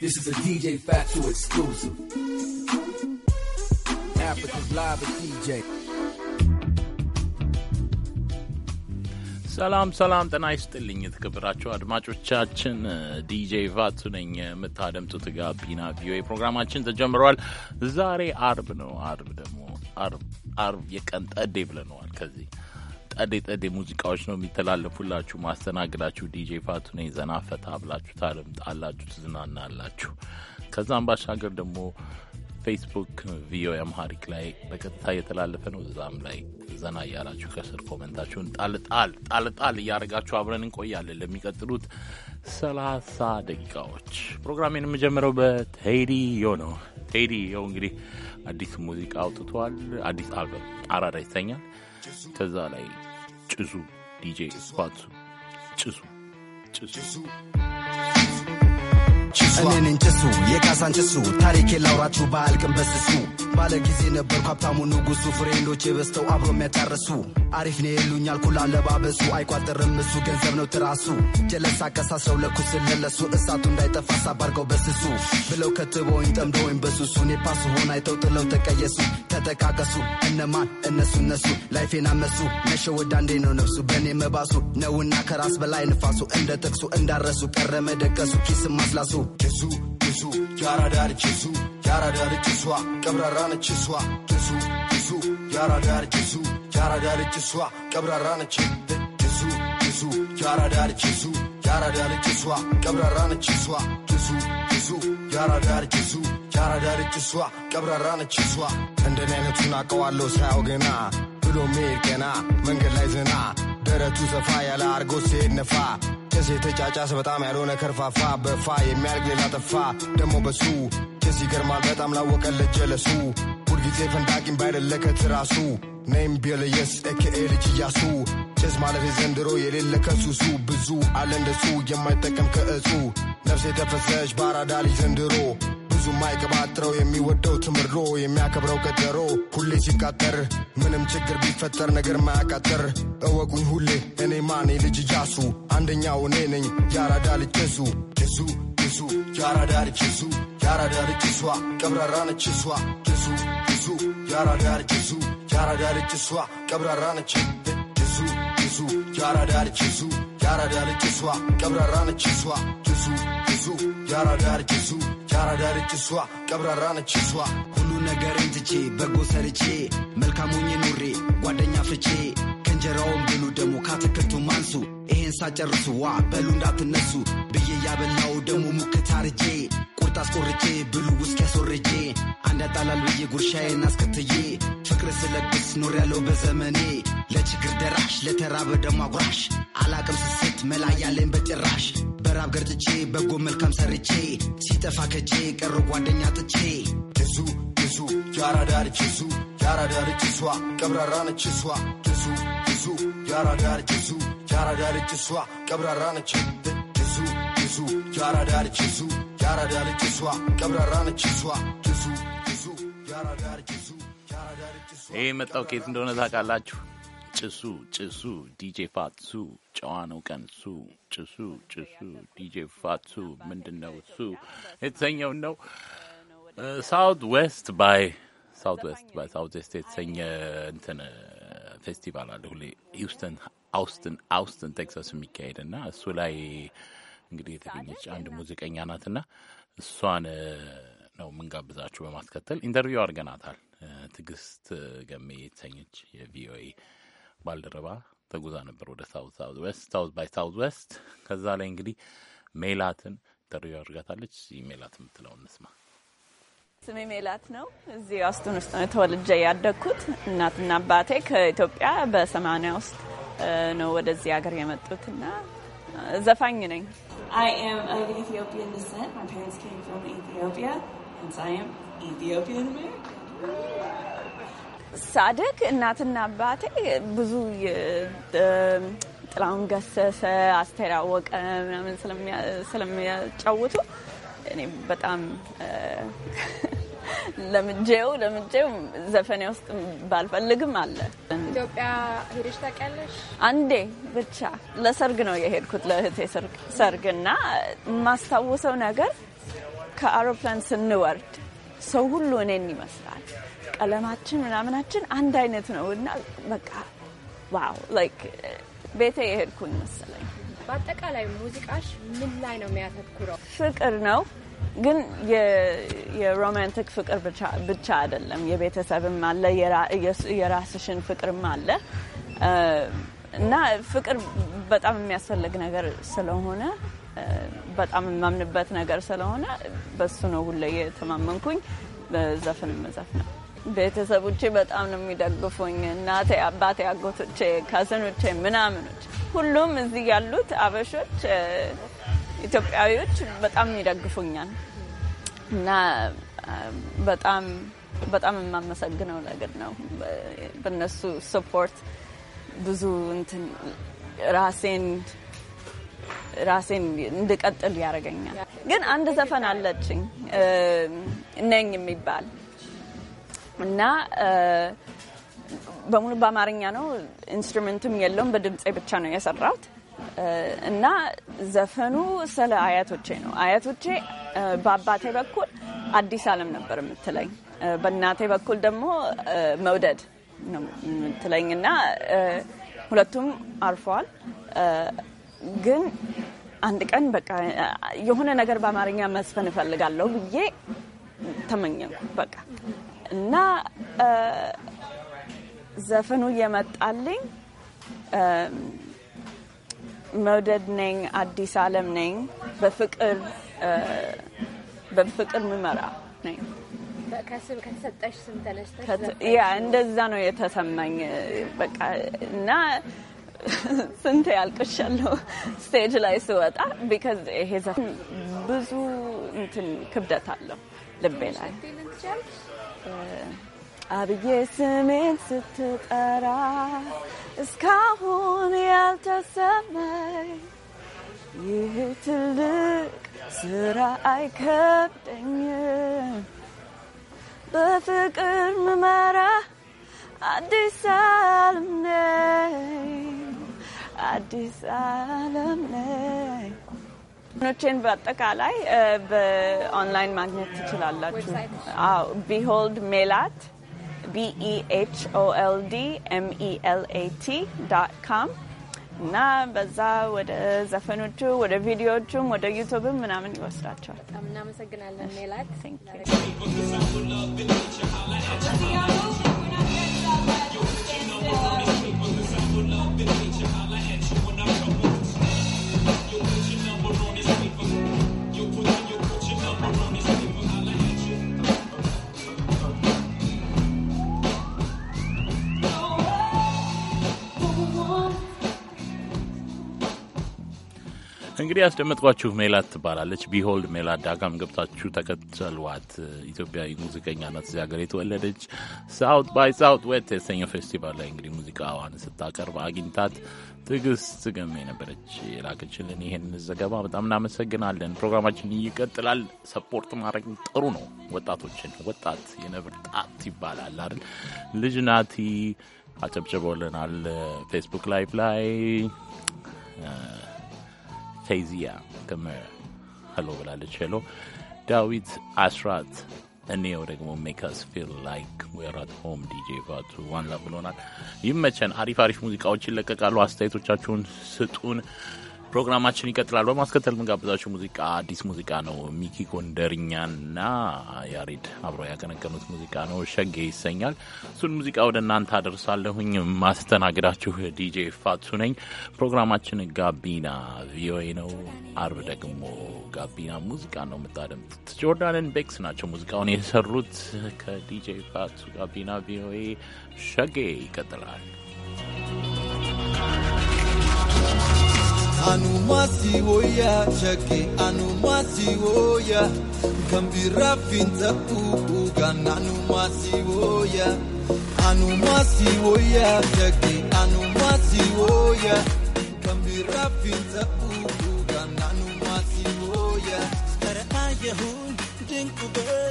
This is a DJ Factual exclusive. Africa's Live with DJ. ሰላም ሰላም፣ ጤና ይስጥልኝ የተከበራችሁ አድማጮቻችን፣ ዲጄ ቫቱ ነኝ። የምታደምጡት ጋቢና ቪኦኤ ፕሮግራማችን ተጀምረዋል። ዛሬ አርብ ነው። አርብ ደግሞ አርብ የቀን ጠዴ ብለነዋል ከዚህ ጠዴ ጠዴ ሙዚቃዎች ነው የሚተላለፉላችሁ። ማስተናግዳችሁ ዲጄ ፋቱ ነኝ። ዘና ፈታ ብላችሁ ታደምጣላችሁ፣ ትዝናናላችሁ። ከዛም ባሻገር ደግሞ ፌስቡክ ቪኦኤ አምሃሪክ ላይ በቀጥታ እየተላለፈ ነው። እዛም ላይ ዘና እያላችሁ ከስር ኮመንታችሁን ጣልጣል ጣልጣል እያደረጋችሁ አብረን እንቆያለን ለሚቀጥሉት ሰላሳ ደቂቃዎች። ፕሮግራሜን የምጀምረው በቴዲ ዮ ነው። ቴዲ ዮ እንግዲህ አዲስ ሙዚቃ አውጥቷል። አዲስ አራዳ ይሰኛል። ከዛ ላይ ጭሱ ዲጄ ፋቱ ጭሱ ጭሱ እኔን እንጭሱ የካሳን ጭሱ ታሪኬ ላውራችሁ በአልቅም በስሱ ባለ ጊዜ ነበርኩ ሀብታሙ ንጉሱ ፍሬንዶቼ በስተው አብሮ የሚያጫርሱ አሪፍ ነው የሉኛል ኩላ አለባበሱ አይቋጠርም እሱ ገንዘብ ነው ትራሱ ጀለሳ ከሳስረው ለኩ ስለለሱ እሳቱ እንዳይጠፋ ሳባርገው በስሱ ብለው ከትቦኝ ጠምደወኝ በሱሱ ኔፓሱ ሆን አይተው ጥለው ተቀየሱ ተጠቃቀሱ እነማን እነሱ እነሱ ላይፌና መሱ መሸ ወዳ እንዴ ነው ነፍሱ በእኔ መባሱ ነውና ከራስ በላይ ንፋሱ እንደ ጥቅሱ እንዳረሱ ቀረመ ደቀሱ ኪስም ማስላሱ ሱ ሱ ጃራዳር ሱ ያራዳ ልጅ እሷ ቀብራራ ነች እሷ ድሱ ድሱ ያራዳ ልጅ እሱ ያራዳ ልጅ እሷ ቀብራራ ነች ድሱ ድሱ ያራዳ ልጅ እሱ ያራዳ ልጅ እሷ ቀብራራ ነች እሷ ድሱ ድሱ ያራዳ ልጅ እሱ ያራዳ ልጅ እሷ ቀብራራ ነች እሷ እንደኔ አይነቱን አውቀዋለሁ ሳያው ገና ብሎ ሜድ ገና መንገድ ላይ ዘና ደረቱ ሰፋ ያለ አርጎ ሴድ ነፋ ቄስ በጣም ያልሆነ ከርፋፋ በፋ የሚያልግ ሌላ ጠፋ ደግሞ በሱ ቄስ ይገርማል በጣም ላወቀለች ጀለሱ ሁልጊዜ ፈንዳቂም ባይደለከት ራሱ ነይም ቤለየስ ኤኬኤ ልጅ እያሱ ጭስ ማለት የዘንድሮ የሌለ ከሱሱ ብዙ አለ እንደሱ የማይጠቀም ከእጹ ነፍስ የተፈሰሽ ባራዳ ልጅ ዘንድሮ ብዙ ማይቀባጥረው የሚወደው ትምድሮ የሚያከብረው ቀጠሮ መሬት ሲቃጠር ምንም ችግር ቢፈጠር ነገር ማያቃጠር እወቁኝ ሁሌ እኔ ማኔ ልጅ ጃሱ አንደኛው እኔ ነኝ ያራዳ ልጅ እሱ ሱ እሱ ያራዳ ልጅ እሱ ያራዳ ልጅ እሷ ቀብራራ ነች እሷ ሱ እሱ ያራዳ ልጅ ሱ ያራዳ ልጅ እሷ ቀብራራ ነች እሱ እሱ ያራዳ ልጅ እሱ ያራዳ ልጅ እሷ ቀብራራ ነች እሷ ሱ ሱ ያራዳ ልጅ እሱ ያራዳ ልጅ እሷ ቀብራራ ነች እሷ ነገርን ትቼ በጎ ሰርቼ መልካሙኝ ኑሬ ጓደኛ ፍቼ ከእንጀራውም ብሉ ደሞ ካትክልቱ ማንሱ ይሄን ሳጨርሱ ዋ በሉ እንዳትነሱ ብዬ ያበላው ደሞ ሙክት አርጄ ቁርጥ አስቆርጬ ብሉ ውስኪ ያስወርጄ አንድ አጣላል ብዬ ጉርሻዬን አስከትዬ ፍቅር ስለቅስ ኖር ያለው በዘመኔ ለችግር ደራሽ ለተራበ ደሞ አጉራሽ አላቅም ስስት መላ ያለኝ በጭራሽ በራብ ገርጥቼ በጎ መልካም ሰርቼ ሲጠፋ ከቼ ቀሩ ጓደኛ ጥቼ ብዙ ብዙ የአራዳ ልጅ ብዙ የአራዳ ልጅ እሷ ቀብራራ ነች እሷ ብዙ ብዙ የአራዳ ልጅ ብዙ የአራዳ ልጅ እሷ ቀብራራ ነች ብዙ ብዙ የአራዳ ልጅ ብዙ የአራዳ ልጅ እሷ ቀብራራ ነች እሷ ብዙ ብዙ የአራዳ ልጅ ብዙ ይህ መጣው ኬት እንደሆነ ታውቃላችሁ። ጭሱ ጭሱ ዲጄ ፋትሱ ጨዋ ነው ቀንሱ ጭሱ ጭሱ ዲጄ ፋትሱ ምንድን ነው እሱ የተሰኘው ነው። ሳውት ዌስት ባይ ሳውት ዌስት ባይ ሳውት ዌስት የተሰኘ እንትን ፌስቲቫል አለ ሁሌ ሂውስተን አውስትን አውስትን ቴክሳስ የሚካሄድ እና እሱ ላይ እንግዲህ የተገኘች አንድ ሙዚቀኛ ናትና እሷን ነው የምንጋብዛችሁ። በማስከተል ኢንተርቪው አድርገናታል። ትዕግስት ገሜ የተሰኘች የቪኦኤ ባልደረባ ተጉዛ ነበር ወደ ሳውት ሳውት ዌስት ሳውት ባይ ሳውት ዌስት። ከዛ ላይ እንግዲህ ሜላትን ተሪዮ አድርጋታለች። ሜላት የምትለው እንስማ። ስሜ ሜላት ነው። እዚህ አስቱን ውስጥ ነው ተወልጄ ያደግኩት። እናትና አባቴ ከኢትዮጵያ በሰማኒያ ውስጥ ነው ወደዚህ ሀገር የመጡት እና ዘፋኝ ነኝ። ኢትዮጵያ ሳድግ እናትና አባቴ ብዙ ጥላሁን ገሰሰ፣ አስቴር አወቀ ምናምን ስለሚያጫውቱ እኔ በጣም ለምጄው ለምጄው ዘፈኔ ውስጥ ባልፈልግም አለ። ኢትዮጵያ ሄደሽ ታውቂያለሽ? አንዴ ብቻ ለሰርግ ነው የሄድኩት፣ ለእህቴ ሰርግ እና የማስታውሰው ነገር ከአውሮፕላን ስንወርድ ሰው ሁሉ እኔን ይመስላል። ቀለማችን ምናምናችን አንድ አይነት ነው እና በቃ ዋው ላይክ የሄድኩን መሰለኝ። በአጠቃላይ ሙዚቃሽ ምን ላይ ነው የሚያተኩረው? ፍቅር ነው ግን የሮማንቲክ ፍቅር ብቻ አይደለም። የቤተሰብም አለ፣ የራስሽን ፍቅርም አለ እና ፍቅር በጣም የሚያስፈልግ ነገር ስለሆነ በጣም የማምንበት ነገር ስለሆነ በሱ ነው ሁሌ የተማመንኩኝ። በዘፈንም መዘፍ ነው ቤተሰቦቼ በጣም ነው የሚደግፉኝ። እናቴ፣ አባቴ፣ አጎቶቼ፣ ካዘኖቼ ምናምኖች ሁሉም እዚህ ያሉት አበሾች ኢትዮጵያዊዎች በጣም ይደግፉኛል እና በጣም በጣም የማመሰግነው ነገር ነው። በነሱ ሰፖርት ብዙ እንትን ራሴን ራሴን እንድቀጥል ያደርገኛል። ግን አንድ ዘፈን አለችኝ እነኝ የሚባል እና በሙሉ በአማርኛ ነው። ኢንስትሩመንቱም የለውም። በድምፄ ብቻ ነው የሰራሁት እና ዘፈኑ ስለ አያቶቼ ነው። አያቶቼ በአባቴ በኩል አዲስ አለም ነበር የምትለኝ፣ በእናቴ በኩል ደግሞ መውደድ ነው የምትለኝ እና ሁለቱም አርፈዋል። ግን አንድ ቀን በቃ የሆነ ነገር በአማርኛ መስፈን እፈልጋለሁ ብዬ ተመኘንኩ በቃ እና ዘፈኑ እየመጣልኝ መውደድ ነኝ አዲስ አለም ነኝ በፍቅር በፍቅር ምመራ ነኝ ከተሰጠሽ ስም ተነስተሽ ያ እንደዛ ነው የተሰማኝ በቃ እና ስንት ያልቅሻለሁ ስቴጅ ላይ ስወጣ ቢካዝ ይሄ ዘፈን ብዙ እንትን ክብደት አለው ልቤ ላይ አብዬ ስሜን ስትጠራ እስካሁን ያልተሰማኝ ይህ ትልቅ ስራ አይከብደኝም በፍቅር ምመራ አዲስ ዓለም ነኝ አዲስ ዓለም ነኝ። ኖቼን በአጠቃላይ በኦንላይን ማግኘት ትችላላችሁ። አዎ ቢሆልድ ሜላት ቢኢኤችኦኤልዲ ኤምኢኤልኤቲ ዳት ካም እና በዛ ወደ ዘፈኖቹ ወደ ቪዲዮዎቹም ወደ ዩቱብም ምናምን ይወስዳቸዋል። እናመሰግናለን ሜላት። እንግዲህ ያስደመጥኳችሁ ሜላት ትባላለች። ቢሆልድ ሜላት ዳጋም ገብታችሁ ተከተሏት። ኢትዮጵያዊ ሙዚቀኛ ናት። እዚህ ሀገር የተወለደች ሳውት ባይ ሳውት ዌት የተሰኘው ፌስቲቫል ላይ እንግዲህ ሙዚቃዋን ስታቀርብ አግኝታት ትዕግስት ገሜ ነበረች የላከችልን ይህን ዘገባ። በጣም እናመሰግናለን። ፕሮግራማችን ይቀጥላል። ሰፖርት ማድረግ ጥሩ ነው። ወጣቶችን ወጣት የነብር ጣት ይባላል አይደል? ልጅ ናቲ ፌስቡክ ላይቭ ላይ ተይዚያ ከመ ሀሎ ብላለች። ሄሎ ዳዊት አስራት እኔው ደግሞ ሜካስ ፊል ላይክ ዌር ሆም ዲጄ ባቱ ዋንላ ብሎናል። ይመቸን። አሪፍ አሪፍ ሙዚቃዎች ይለቀቃሉ። አስተያየቶቻችሁን ስጡን። ፕሮግራማችን ይቀጥላል። በማስከተል ምንጋብዛችሁ ሙዚቃ አዲስ ሙዚቃ ነው። ሚኪ ጎንደርኛና ያሬድ አብረው ያቀነቀኑት ሙዚቃ ነው፣ ሸጌ ይሰኛል። እሱን ሙዚቃ ወደ እናንተ አደርሳለሁኝ። ማስተናግዳችሁ ዲጄ ፋቱ ነኝ። ፕሮግራማችን ጋቢና ቪኦኤ ነው። አርብ ደግሞ ጋቢና ሙዚቃ ነው የምታደምጡት። ጆርዳንን ቤክስ ናቸው ሙዚቃውን የሰሩት። ከዲጄ ፋቱ ጋቢና ቪኦኤ ሸጌ ይቀጥላል። masi woya Anu masi woya gambirafinza kuugan masi woya masi woya shake masi woya gambirafinza Anu masi woya kara ayahun dinkubaa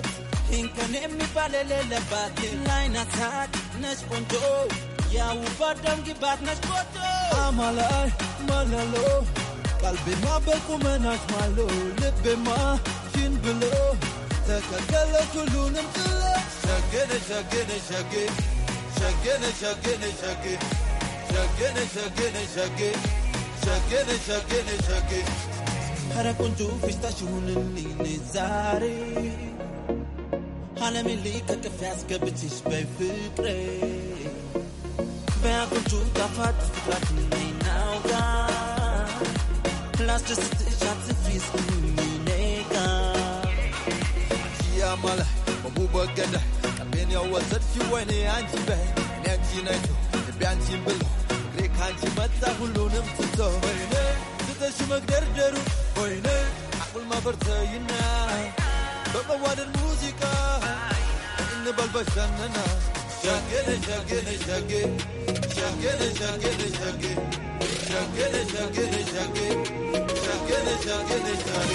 የሚባል የሌለባት አይናት ሳት ነች ቆንጆ ያውባት ደምግባት ነች ቆንጆ አማላይ ማላሎ ቀልቤማ በቁመናች ማሎ ልቤማ ሽን ብሎ ተከተለች ሁሉንም ጥሎ ሸገነ ሸገነ ሸጌ ሸገነ ሸገነ ሸጌ ሸገነ ሸገነ ሸጌ ሸገነ ሸገነ ሸጌ ኧረ ቆንጆ ፌስታሽ ዛሬ ዓለምን ልቅቅፍ ያስገብችሽ በፍቅሬ በያጎቹ ጣፋጭ ፍቅራት ናይናውጋ ላስደስትሽ አትፍሪስ ያማለ በሙበገደ ቀቤን ያወሰድሽ ወይኔ አንቺ በ እኔ አንቺ ነች ልቤ አንቺን ብሎ እግሬ ከአንቺ መጣ ሁሉንም ትቶ ወይኔ ስተሽ መግደርደሩ ወይኔ አቁል ማበርተይና በመዋደድ ሙዚቃ እንበል በሸነና ሸገነ ሸገነ ሸጌ ሸገነ ሸገነ ሸጌ ሸገነ ሸገነ ሸጌ ሸገነ ሸገነ ሸጌ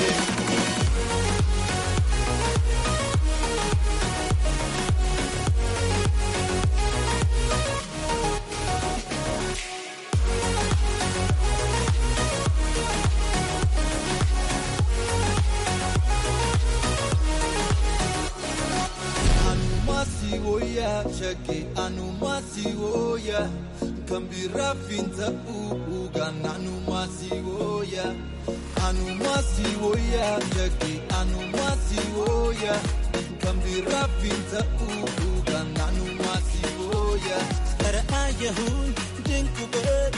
yeah, shake anumasi oh yeah, kambira finta uga anumasi oh anumasi oh yeah, anumasi oh kambira finta uga anumasi oh yeah, kara ayahun dinku bird,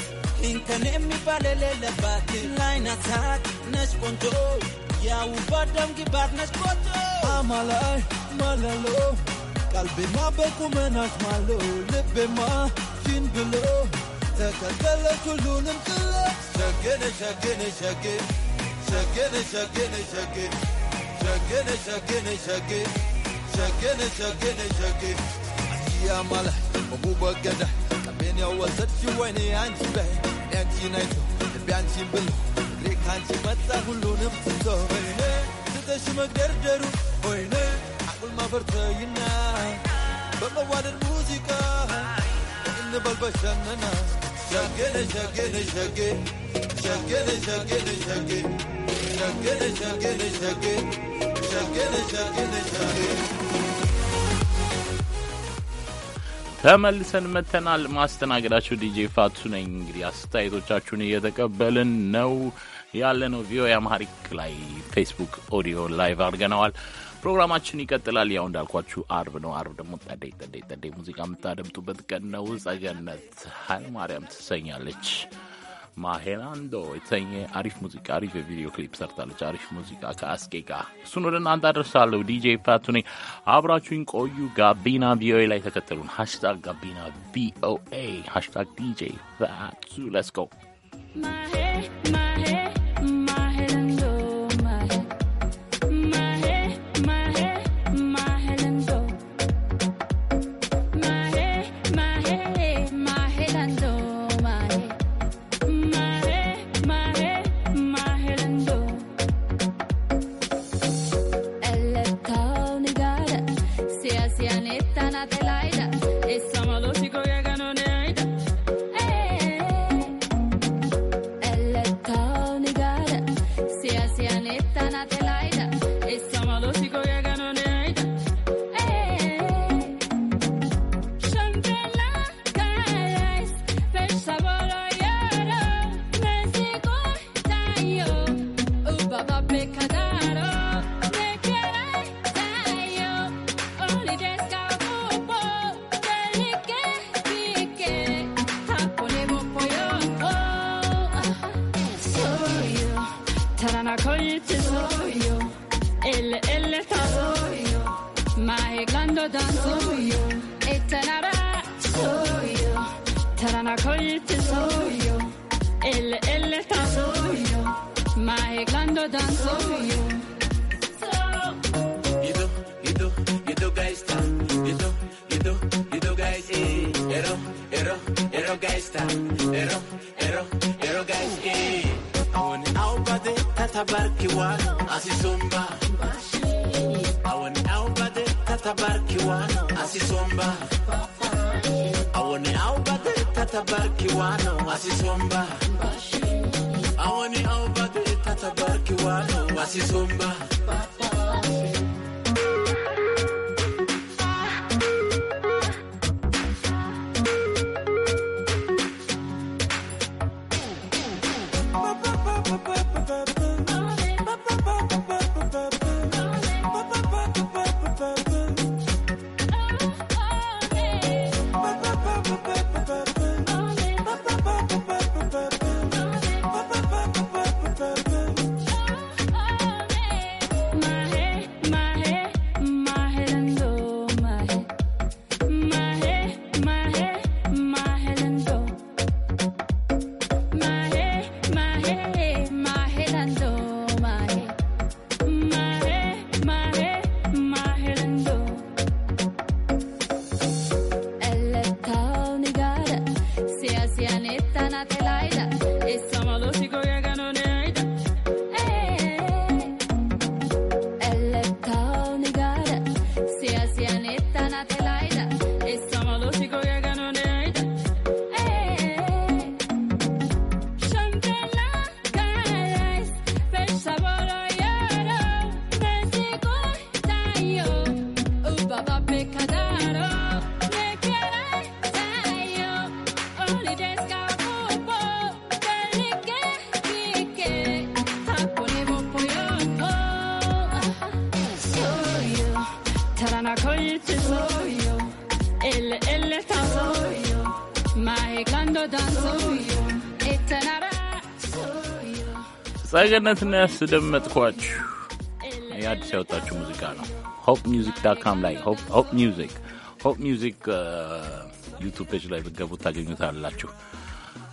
inkanemi balele bati line attack, ponto, ya ubadam ponto, amalai malalo. ቀልቤማ በቁመናሽ ማለው ልቤማ ሽን ብሎ ተከተለች ሁሉንም ጥለት ሸገነ ሸገነ ሸጌ ሸገነ ሸገነ ሸጌ ሸገነ ሸገነ ሸጌ ሸገነ ሸገነ ሸጌ يا مالح ابو قدح بين اول ست ويني انت به انت نايتو بانت بل ريك انت متى كلهم تتوه ويني تتش مقدردرو ويني ተመልሰን መተናል። ማስተናገዳችሁ ዲጄ ፋቱ ነኝ። እንግዲህ አስተያየቶቻችሁን እየተቀበልን ነው ያለ ነው። ቪኦኤ አማሪክ ላይ ፌስቡክ ኦዲዮ ላይቭ አድርገነዋል። ፕሮግራማችን ይቀጥላል። ያው እንዳልኳችሁ አርብ ነው። አርብ ደግሞ ጠደይ ጠደይ ጠደይ ሙዚቃ የምታደምጡበት ቀን ነው። ጸገነት ኃይለማርያም ትሰኛለች። ማሄላንዶ የተሰኘ አሪፍ ሙዚቃ አሪፍ የቪዲዮ ክሊፕ ሰርታለች። አሪፍ ሙዚቃ ከአስቄ ጋር እሱን ወደ እናንተ አደርሳለሁ። ዲጄ ፓቱኔ አብራችሁኝ ቆዩ። ጋቢና ቪኦኤ ላይ ተከተሉን። ሃሽታግ ጋቢና ቪኦኤ ሃሽታግ ዲጄ ፓቱ ማ Ero, ero, ero gashki. Awon awbade tatabarkiwa. Asisomba. Awon awbade tatabarkiwa. Asisomba. Awon awbade tatabarkiwa. Asisomba. Awon awbade tatabarkiwa. Asisomba. ጸገነትን ያስደመጥኳችሁ የአዲስ ያወጣችሁ ሙዚቃ ነው። ሆፕ ሚውዚክ ዳት ካም ላይ ሆፕ ሚውዚክ ሆፕ ሚውዚክ ዩቱብ ፔጅ ላይ ብትገቡ ታገኙታላችሁ።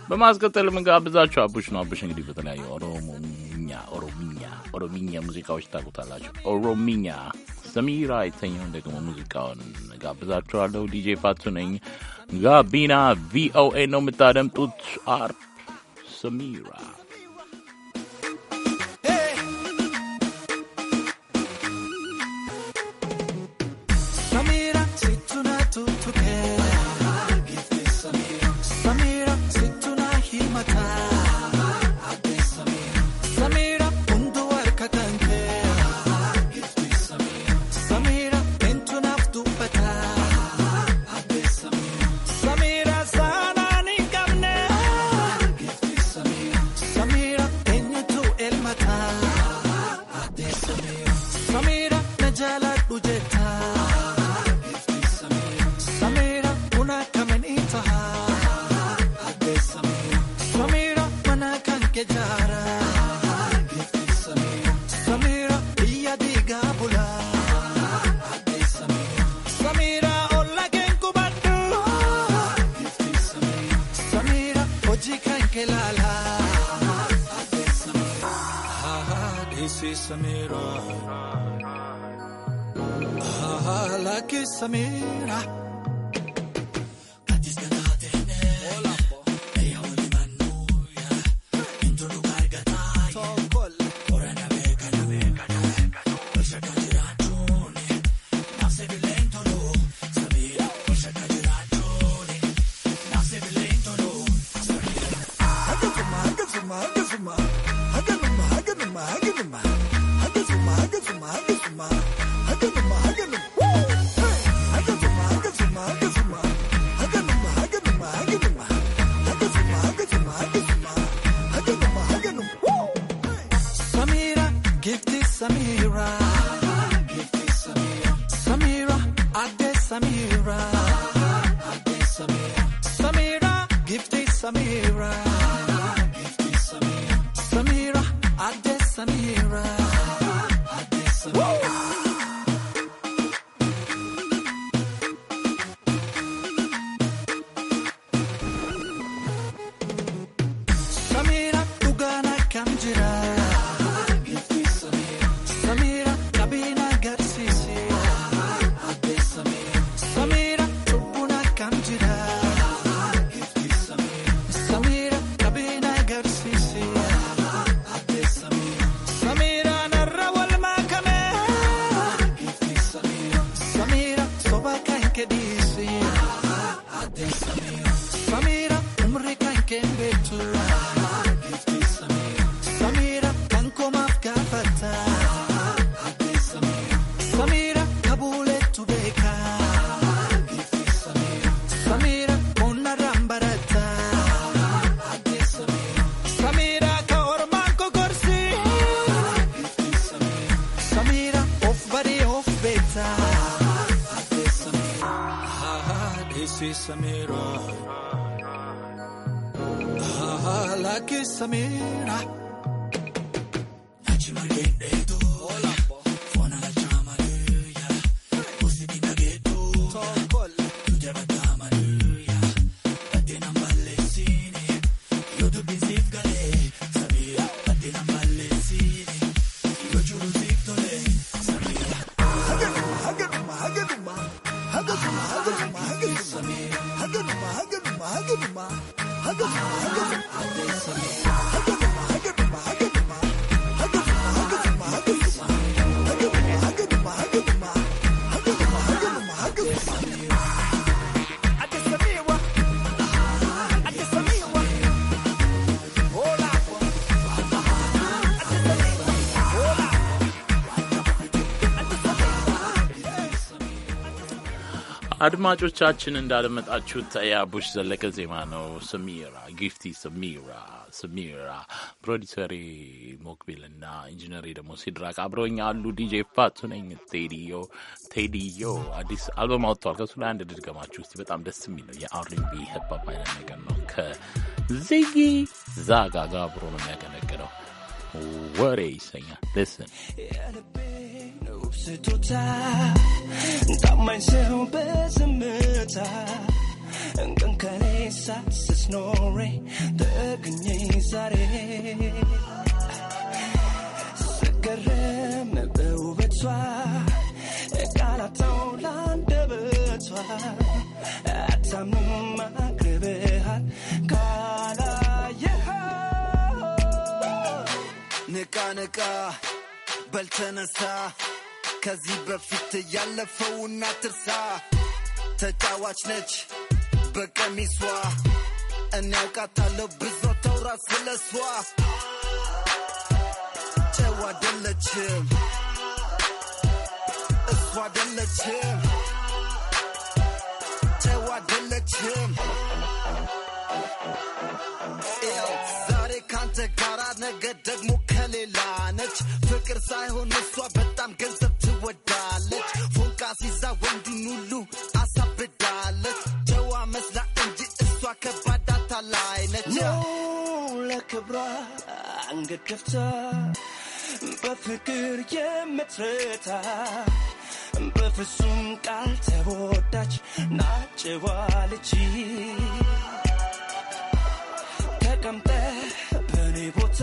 በማስቀጠል የምንጋብዛችሁ አቡሽ ነው። አቡሽ እንግዲህ በተለያዩ ኦሮሞኛ ኦሮሚኛ ኦሮሚኛ ሙዚቃዎች ታውቁታላችሁ። ኦሮሚኛ ሰሚራ የተኘውን ደግሞ ሙዚቃውን ጋብዛችኋለሁ። ዲጄ ፋቱ ነኝ። ጋቢና ቪኦኤ ነው የምታደምጡት። አርፕ ሰሚራ la que से समेरा हाला के समेरा አድማጮቻችን እንዳለመጣችሁ ተያቡሽ ዘለቀ ዜማ ነው። ስሚራ ጊፍቲ፣ ስሚራ ስሚራ፣ ፕሮዲሰሪ ሞክቢል እና ኢንጂነሪ ደግሞ ሲድራቅ አብረውኝ አሉ። ዲጄ ፋቱ ነኝ። ቴዲዮ ቴዲዮ አዲስ አልበም አውጥተዋል። ከሱ ላይ አንድ ድድገማችሁ ውስጥ በጣም ደስ የሚል ነው። የአርንቢ ህባብ አይነት ነገር ነው። ከዚጊ ዛጋ ዛጋጋ አብሮ ነው የሚያገለግለው። ወሬ ይሰኛል። ልስን ስጦታ ታማኝ ሰው በዝምታ እንቅን ዛሬ ስገረም በውበቷ ቃላታው ላንደበቷ አታምንም አቅርበሃል ንቃ ንቃ በልተነሳ ከዚህ በፊት ያለፈውና ትርሳ ተጫዋች ነች በቀሚሷ እኔ ያውቃታለሁ ብዙ ተውራ ስለሷ ጨዋ አይደለችም እሷ አይደለችም ጨዋ አይደለችም ዛሬ ካንተ ጋራ ነገ ደግሞ ከሌላ ነች ፍቅር ሳይሆን እሷ በጣም ገንዘብ ትወዳለች ፎንቃ ሲዛ ወንዱን ሁሉ አሳብዳለች። ጨዋ መስላ እንጂ እሷ ከባድ አታላይ ነች። ለክብሯ አንገት ከፍታ በፍቅር የምትረታ በፍጹም ቃል ተወዳች ናጭዋ ተቀምጠ በኔ ቦታ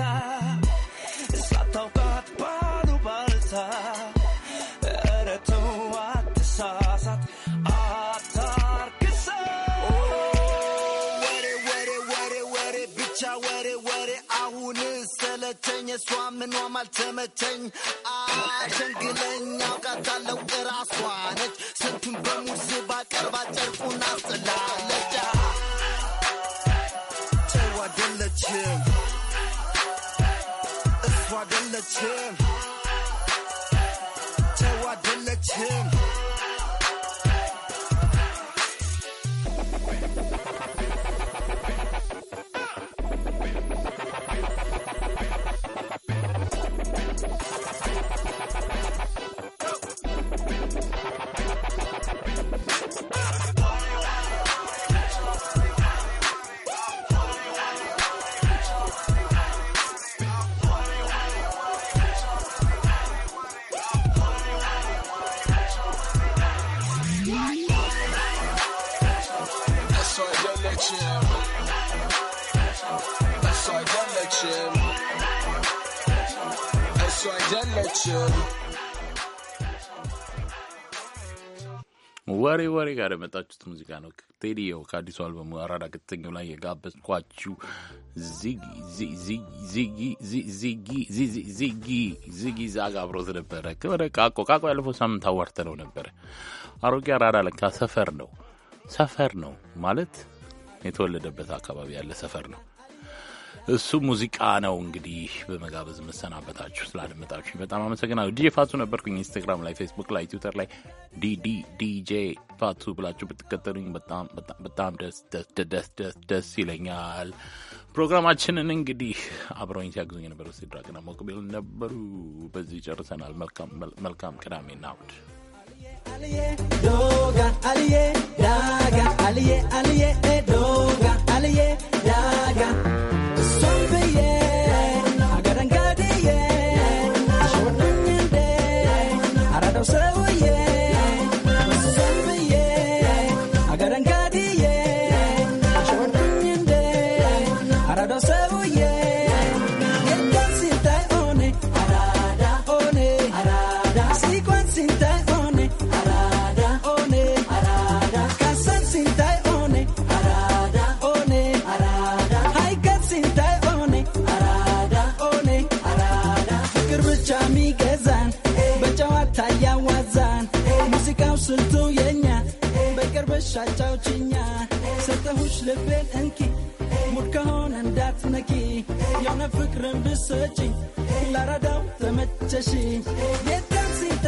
እሷ ምኗም አልተመቸኝ አሸንግለኝ አውቃታለሁ እራሷ ነች ስንቱን በሙዝ ባቀርባ ቀርባ ጨርቁን አስጥላለች። ተው አይደለችም እሷ አይደለችም ወሬ ወሬ ጋር የመጣችሁት ሙዚቃ ነው። ቴዲ ው ከአዲሱ አልበሙ አራዳ ክትተኛው ላይ የጋበዝኳችሁ ዚጊ ዚጊ ዛጋ አብሮት ነበረ። ወደ ቃቆ ቃቆ ያለፈው ሳምንት አዋርተ ነው ነበረ። አሮጌ አራዳ ለካ ሰፈር ነው። ሰፈር ነው ማለት የተወለደበት አካባቢ ያለ ሰፈር ነው። እሱ ሙዚቃ ነው እንግዲህ በመጋበዝ የምሰናበታችሁ። ስላደመጣችሁ በጣም አመሰግናለሁ። ዲጄ ፋቱ ነበርኩኝ። ኢንስታግራም ላይ፣ ፌስቡክ ላይ፣ ትዊተር ላይ ዲዲ ዲጄ ፋቱ ብላችሁ ብትከተሉኝ በጣም በጣም ደስ ደስ ደስ ይለኛል። ፕሮግራማችንን እንግዲህ አብረውኝ ሲያግዙኝ የነበሩ ሲድራቅና ሞቅቤል ነበሩ። በዚህ ጨርሰናል። መልካም ቅዳሜና እሑድ doga aliye daga aliye aliye doga aliye daga ጫጫውችኛ ሰጠሁሽ ልቤን እንኪ ሙድ ከሆነ እንዳትነኪ የሆነ ፍቅርን ብሰጪ ላራዳው ተመቸሽ የታንሲታ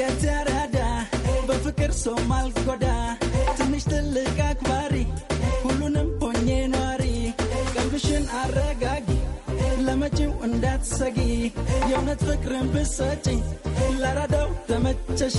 ገተረዳ በፍቅር ሰውም አልጎዳ ትንሽ ትልቅ አክባሪ ሁሉንም ሆኜ ኗሪ ቀልብሽን አረጋጊ ለመጪው እንዳትሰጊ የእውነት ፍቅርን ብሰጪ ለራዳው ተመቸሽ